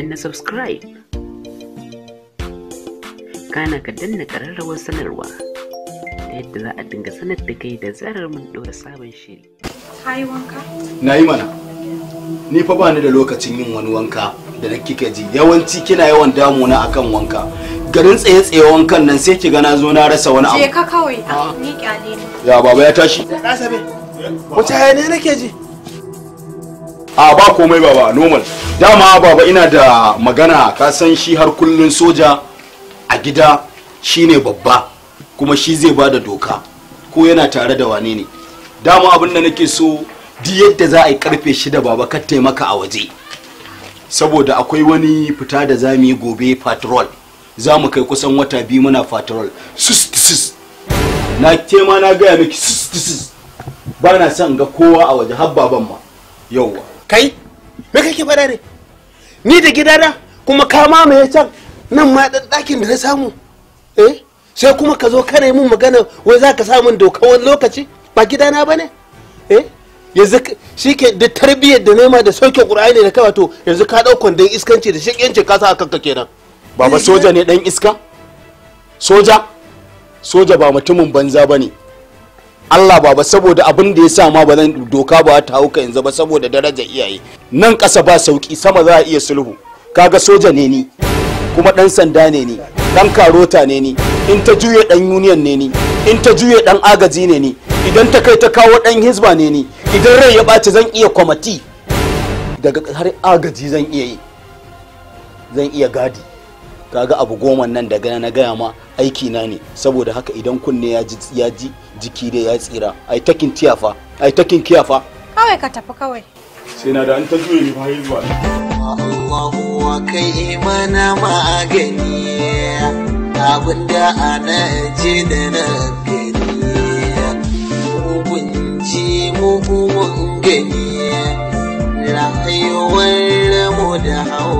danna subscribe kana ka danna ƙararrawar sanarwa ta yadda za a dinga sanar da kai da zarar mun ɗora sabon shiri kayi wanka na yi mana ni fa bani da lokacin yin wani wanka da na kika ji yawanci kina yawan damuna akan wanka garin tsaye tsaye wankan nan sai kiga na zo na rasa wani abu je ka kawai ah. ni kyale ya baba ya tashi da sabe wace hayaniya nake ji a ba komai baba normal dama baba ina da magana ka san shi har kullun soja a gida shine babba kuma shi zai ba da doka ko yana tare da wane ne dama abin da nake so duk yadda za a yi karfe shida baba ka taimaka a waje saboda akwai wani fita da za yi gobe patrol za mu kai kusan wata biyu muna patrol sus sus na ke ma na gaya miki sus sus ba na son ga kowa a waje har baban ma yauwa kai me kake fada ne ni da gidana kuma ka mamaye can nan ma ɗakin da na samu eh sai kuma ka zo kana yi min magana wai za ka samun doka wani lokaci ba gidana ba ne eh yanzu shi da tarbiyyar da nema da sauke ƙur'ani da kawato wato, yanzu ka ɗau kwandon iskanci da shaƙiyanci ka sa a kanka kenan baba soja ne dan iska soja soja ba mutumin banza bane. Allah ba ba saboda abin da ya sa ma ba zan doka ba ta hauka yanzu ba saboda daraja iyaye nan ƙasa ba sauki sama za a iya sulhu kaga soja ne ni kuma ɗan sanda ne ni ɗan karota ne ni in ta juye ɗan union ne ni in ta juye ɗan agaji ne ni idan ta kai ta kawo ɗan hisba ne ni idan rai ya ɓaci zan iya kwamati daga har agaji zan iya yi zan iya gadi kaga abu goma nan daga na gaya ma aiki na ne saboda haka idan kunne ya ji jiki dai ya tsira ai takin tiyafa ai takin kiyafa kawai ka tafi kawai sai na da an ta juye ni fahimta zuwa Allahu wa kai mana magani abinda ana ji da na gani hukunci mu gani rayuwar mu da hawa